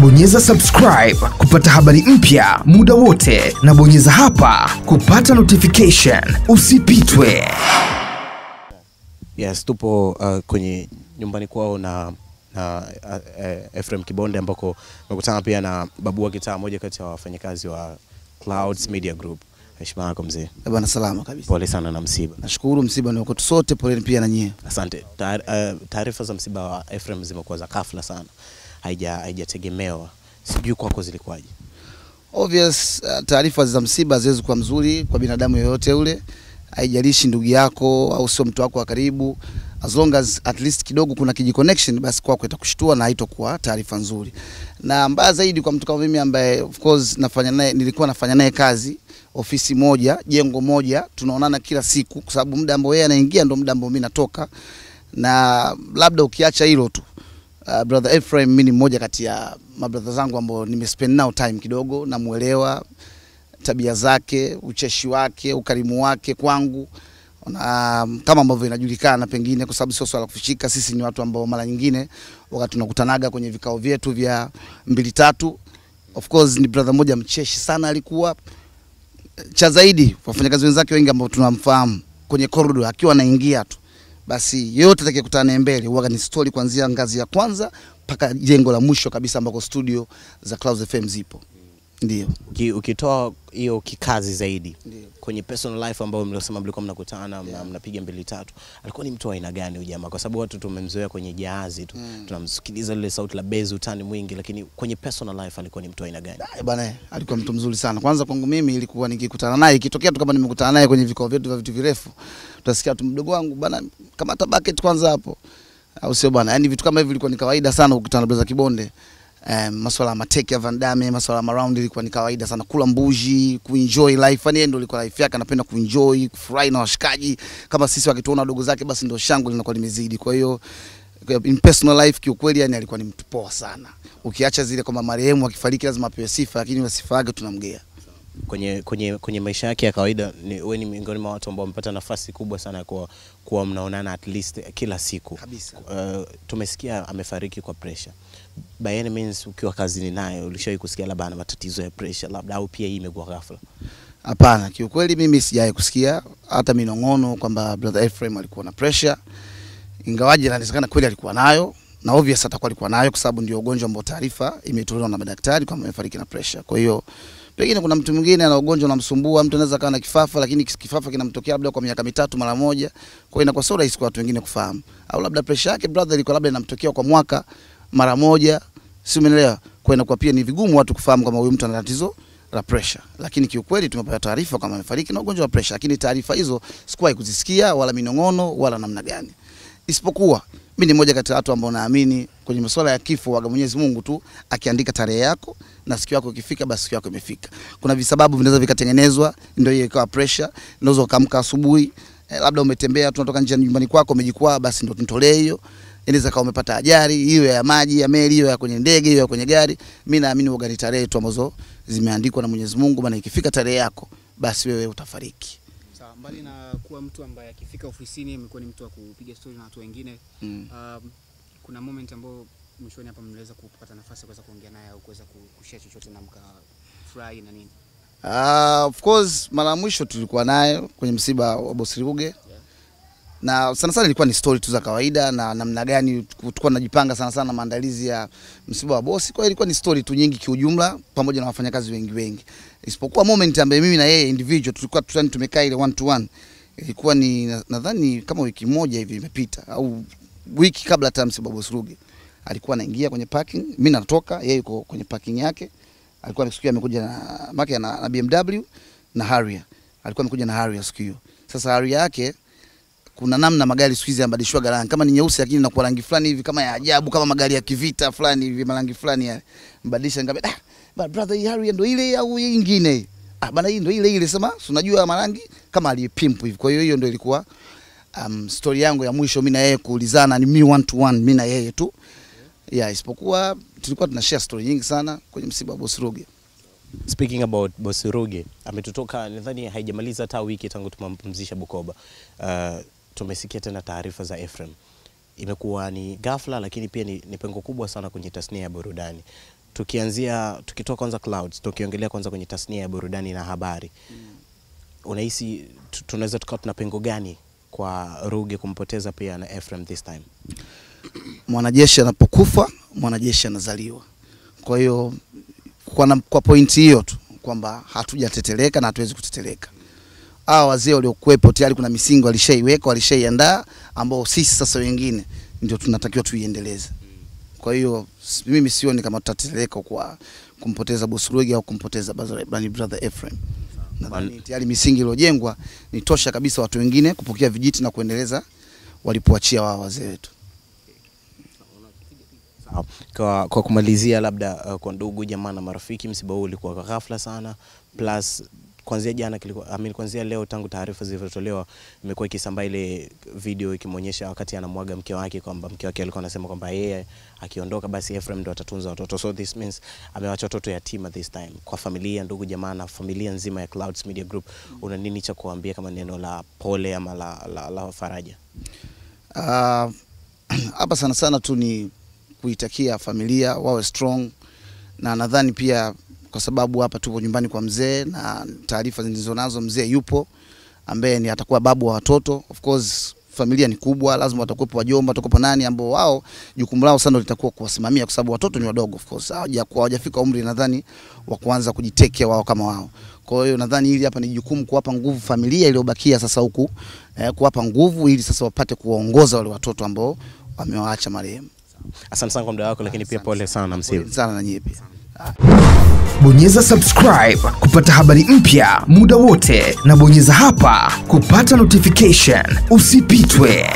bonyeza subscribe kupata habari mpya muda wote, na bonyeza hapa kupata notification. Usipitwe. Yes, tupo uh, kwenye nyumbani kwao na na uh, uh, Kibonde ambako nimekutana pia na Babua Kitaa, moja kati ya wafanyakazi wa Clouds Media Group. Heshima yako mzee. Eh bwana salama kabisa. Pole sana na msiba. Nashukuru msiba ni wakati sote, pole pia na nyie. Asante. Uh, taarifa za msiba wa Ephraim zimekuwa za kafla sana haijategemewa. Sijui kwako zilikuwaje? Obvious, uh, taarifa za msiba haziwezi kuwa mzuri kwa binadamu yoyote ule, haijalishi ndugu yako au sio mtu wako wa karibu, as long as at least kidogo kuna kiji connection, basi kwako itakushtua na haitokuwa taarifa nzuri. Na mbaya zaidi kwa mtu kama mimi ambaye of course nafanya naye, nilikuwa nafanya naye kazi ofisi moja, jengo moja, tunaonana kila siku, kwa sababu muda ambao yeye anaingia ndio muda ambao mimi natoka, na labda ukiacha hilo tu uh, brother Ephraim mimi ni mmoja kati ya mabrother zangu ambao nimespend nao time kidogo, namuelewa tabia zake, ucheshi wake, ukarimu wake kwangu na um, kama ambavyo inajulikana pengine, kwa sababu sio swala kufichika, sisi ni watu ambao mara nyingine wakati tunakutanaga kwenye vikao vyetu vya mbili tatu, of course ni brother mmoja mcheshi sana alikuwa, cha zaidi wafanyakazi wenzake wengi ambao tunamfahamu kwenye corridor akiwa anaingia tu basi yote atakayekutana mbele huwa ni stori kuanzia ngazi ya kwanza mpaka jengo la mwisho kabisa ambako studio za Clouds FM zipo. Ndio. Ukitoa hiyo kikazi zaidi Ndiyo. kwenye personal life ambayo mliosema mlikuwa mnakutana mnapiga mbili tatu, alikuwa ni mtu wa aina gani huyu jamaa? Kwa sababu watu tumemzoea kwenye jahazi tu mm. tunamsikiliza lile sauti la bezi, utani mwingi, lakini kwenye personal life alikuwa ni mtu wa aina gani? bwana? alikuwa mtu mzuri sana. Kwanza kwangu mimi ilikuwa nikikutana naye, ikitokea tu kama nimekutana naye kwenye vikao vyetu vya vitu virefu, utasikia tu mdogo wangu bwana, kama tabaket kwanza hapo, au sio bwana? Yani vitu kama hivi vilikuwa ni kawaida sana kukutana na Brother Kibonde Eh, maswala masuala ya mateke ya vandame, Damme, masuala ya maround ilikuwa ni kawaida sana, kula mbuji, kuenjoy life. Yani ndio ilikuwa life yake, anapenda kuenjoy, kufurahi na washikaji kama sisi, wakituona wadogo zake, basi ndio shangwe linakuwa limezidi. Kwa hiyo in personal life kiukweli, yani alikuwa ni mtu poa sana, ukiacha zile kwamba marehemu akifariki lazima apewe sifa, lakini sifa yake tunamgea kwenye, kwenye, kwenye maisha yake ya kawaida ni, we ni miongoni mwa watu ambao wamepata nafasi kubwa sana kuwa, kuwa mnaonana at least kila siku kabisa. Uh, tumesikia amefariki kwa pressure. By any means, ukiwa kazini naye ulishawahi kusikia labda ana matatizo ya pressure labda, au pia hii imekuwa ghafla? Hapana, kiukweli mimi sijawahi kusikia hata minong'ono kwamba brother Ephraim alikuwa na pressure, ingawaje inawezekana kweli alikuwa nayo na obvious atakuwa alikuwa nayo kwa sababu ndio ugonjwa ambao taarifa imetolewa na madaktari kwamba amefariki na pressure. Kwa hiyo Pengine kuna mtu mwingine ana ugonjwa unamsumbua, mtu anaweza kawa na kifafa, lakini kifafa kinamtokea labda kwa miaka mitatu mara moja, kwa inakuwa sio rahisi kwa watu wengine kufahamu, au labda pressure yake brother ilikuwa labda inamtokea kwa mwaka mara moja, si umeelewa? Kwa inakuwa pia ni vigumu watu kufahamu kama huyu mtu ana tatizo la pressure, lakini kiukweli tumepata taarifa kama amefariki na ugonjwa wa pressure, lakini taarifa hizo sikuwahi kuzisikia wala minong'ono wala namna gani isipokuwa mi ni moja kati ya watu ambao naamini kwenye masuala ya kifo waga Mwenyezi Mungu tu akiandika tarehe yako na siku yako ikifika, basi siku yako imefika. Kuna visababu vinaweza vikatengenezwa, ndio hiyo ikawa pressure. Unaweza ukaamka asubuhi eh, labda umetembea tu unatoka nje nyumbani kwako umejikwaa, basi ndio tutolee hiyo. Inaweza kama umepata ajali, hiyo ya maji, ya meli, hiyo ya kwenye ndege, hiyo ya kwenye gari. Mi naamini uga ni tarehe tu ambazo zimeandikwa na Mwenyezi Mungu, maana ikifika tarehe yako, basi wewe utafariki mbali na kuwa mtu ambaye akifika ofisini amekuwa ni mtu wa kupiga stori na watu wengine mm. um, kuna moment ambayo mwishoni hapa mliweza kupata nafasi ya kuweza kuongea naye au kuweza kushare chochote na mkafurahi na nini? Uh, of course mara mwisho tulikuwa naye kwenye msiba wa Bosi Ruge yeah na sana sana ilikuwa ni story tu za kawaida na namna gani tulikuwa tunajipanga sana sana maandalizi ya msiba wa bosi. Kwa hiyo ilikuwa ni story tu nyingi kiujumla, pamoja na wafanyakazi wengi wengi, isipokuwa moment ambaye mimi na yeye individual tulikuwa tutani tumekaa ile one to one, ilikuwa ni nadhani kama wiki moja hivi imepita au wiki kabla hata msiba wa bosi Ruge. Alikuwa anaingia kwenye parking, mimi natoka, yeye yuko kwenye parking yake. Alikuwa anasikia amekuja na maki na, na BMW na Harrier. Alikuwa amekuja na Harrier siku hiyo. Sasa Harrier yake kuna namna magari siku hizi yanabadilishwa rangi, kama ni nyeusi lakini inakuwa rangi fulani hivi kama ya ajabu, kama magari ya kivita fulani hivi, marangi fulani ya mbadilisha. Nikamwambia ah, but brother, hii Harrier ndio ile au hii nyingine? Ah bana, hii ndio ile ile. Sema si unajua marangi kama alipimpu hivi. Kwa hiyo hiyo ndio ilikuwa um, story yangu ya mwisho, mimi na yeye kuulizana, ni mi one to one, mimi na yeye tu ya yeah, isipokuwa tulikuwa tuna share story nyingi sana kwenye msiba wa Boss Ruge. Speaking about Boss Ruge, ametutoka nadhani haijamaliza hata wiki tangu tumampumzisha Bukoba. Uh, tumesikia tena taarifa za Ephraim. Imekuwa ni ghafla, lakini pia ni, ni pengo kubwa sana kwenye tasnia ya burudani. Tukianzia tukitoa kwanza clouds, tukiongelea kwanza kwenye tasnia ya burudani na habari mm. unahisi tunaweza tukawa tuna pengo gani kwa Ruge kumpoteza pia na Ephraim this time? Mwanajeshi anapokufa mwanajeshi anazaliwa. Kwa hiyo kwa, kwa pointi hiyo tu kwamba hatujateteleka na hatuwezi kuteteleka hawa wazee waliokuwepo tayari kuna misingi walishaiweka walishaiandaa, ambao sisi sasa wengine ndio tunatakiwa tuiendeleze. Kwa hiyo mimi sioni kama tutateleka kwa kumpoteza Busurugi au kumpoteza Brani brother Ephraim. tayari misingi iliyojengwa ni tosha kabisa watu wengine kupokea vijiti na kuendeleza walipoachia wao wazee wetu. Kwa, kwa kumalizia labda uh, kwa ndugu jamaa na marafiki, msiba huu ulikuwa kwa ghafla sana plus kuanzia jana kilikuwa, kuanzia leo tangu taarifa zilivyotolewa imekuwa ikisambaa ile video ikimonyesha wakati anamwaga mke wake, kwamba mke wake alikuwa anasema kwamba yeye akiondoka basi Ephraim ndo atatunza watoto. So this means amewacha watoto yatima this time, kwa familia, ndugu, jamaa na familia nzima ya Clouds Media Group. Una nini cha kuambia kama neno la pole ama la, la, la, la faraja? Uh, hapa sana sana tu ni kuitakia familia wawe strong na nadhani pia kwa sababu hapa tupo nyumbani kwa mzee na taarifa zilizonazo mzee yupo ambaye ni atakuwa babu wa watoto. Of course familia ni kubwa, lazima watakuwepo wajomba, watakuwepo nani ambao wao jukumu lao sana litakuwa kuwasimamia, kwa sababu watoto ni wadogo, of course hawajafika umri nadhani wa kuanza kujitekea wao kama wao. Kwa hiyo nadhani hili hapa ni jukumu kuwapa nguvu familia iliyobakia sasa huku eh, kuwapa nguvu ili sasa wapate kuwaongoza wale watoto ambao wamewaacha marehemu. Asante sana kwa muda wako, lakini pia pole sana na msiba. Sana na nyie pia. Ah bonyeza subscribe kupata habari mpya muda wote, na bonyeza hapa kupata notification. Usipitwe.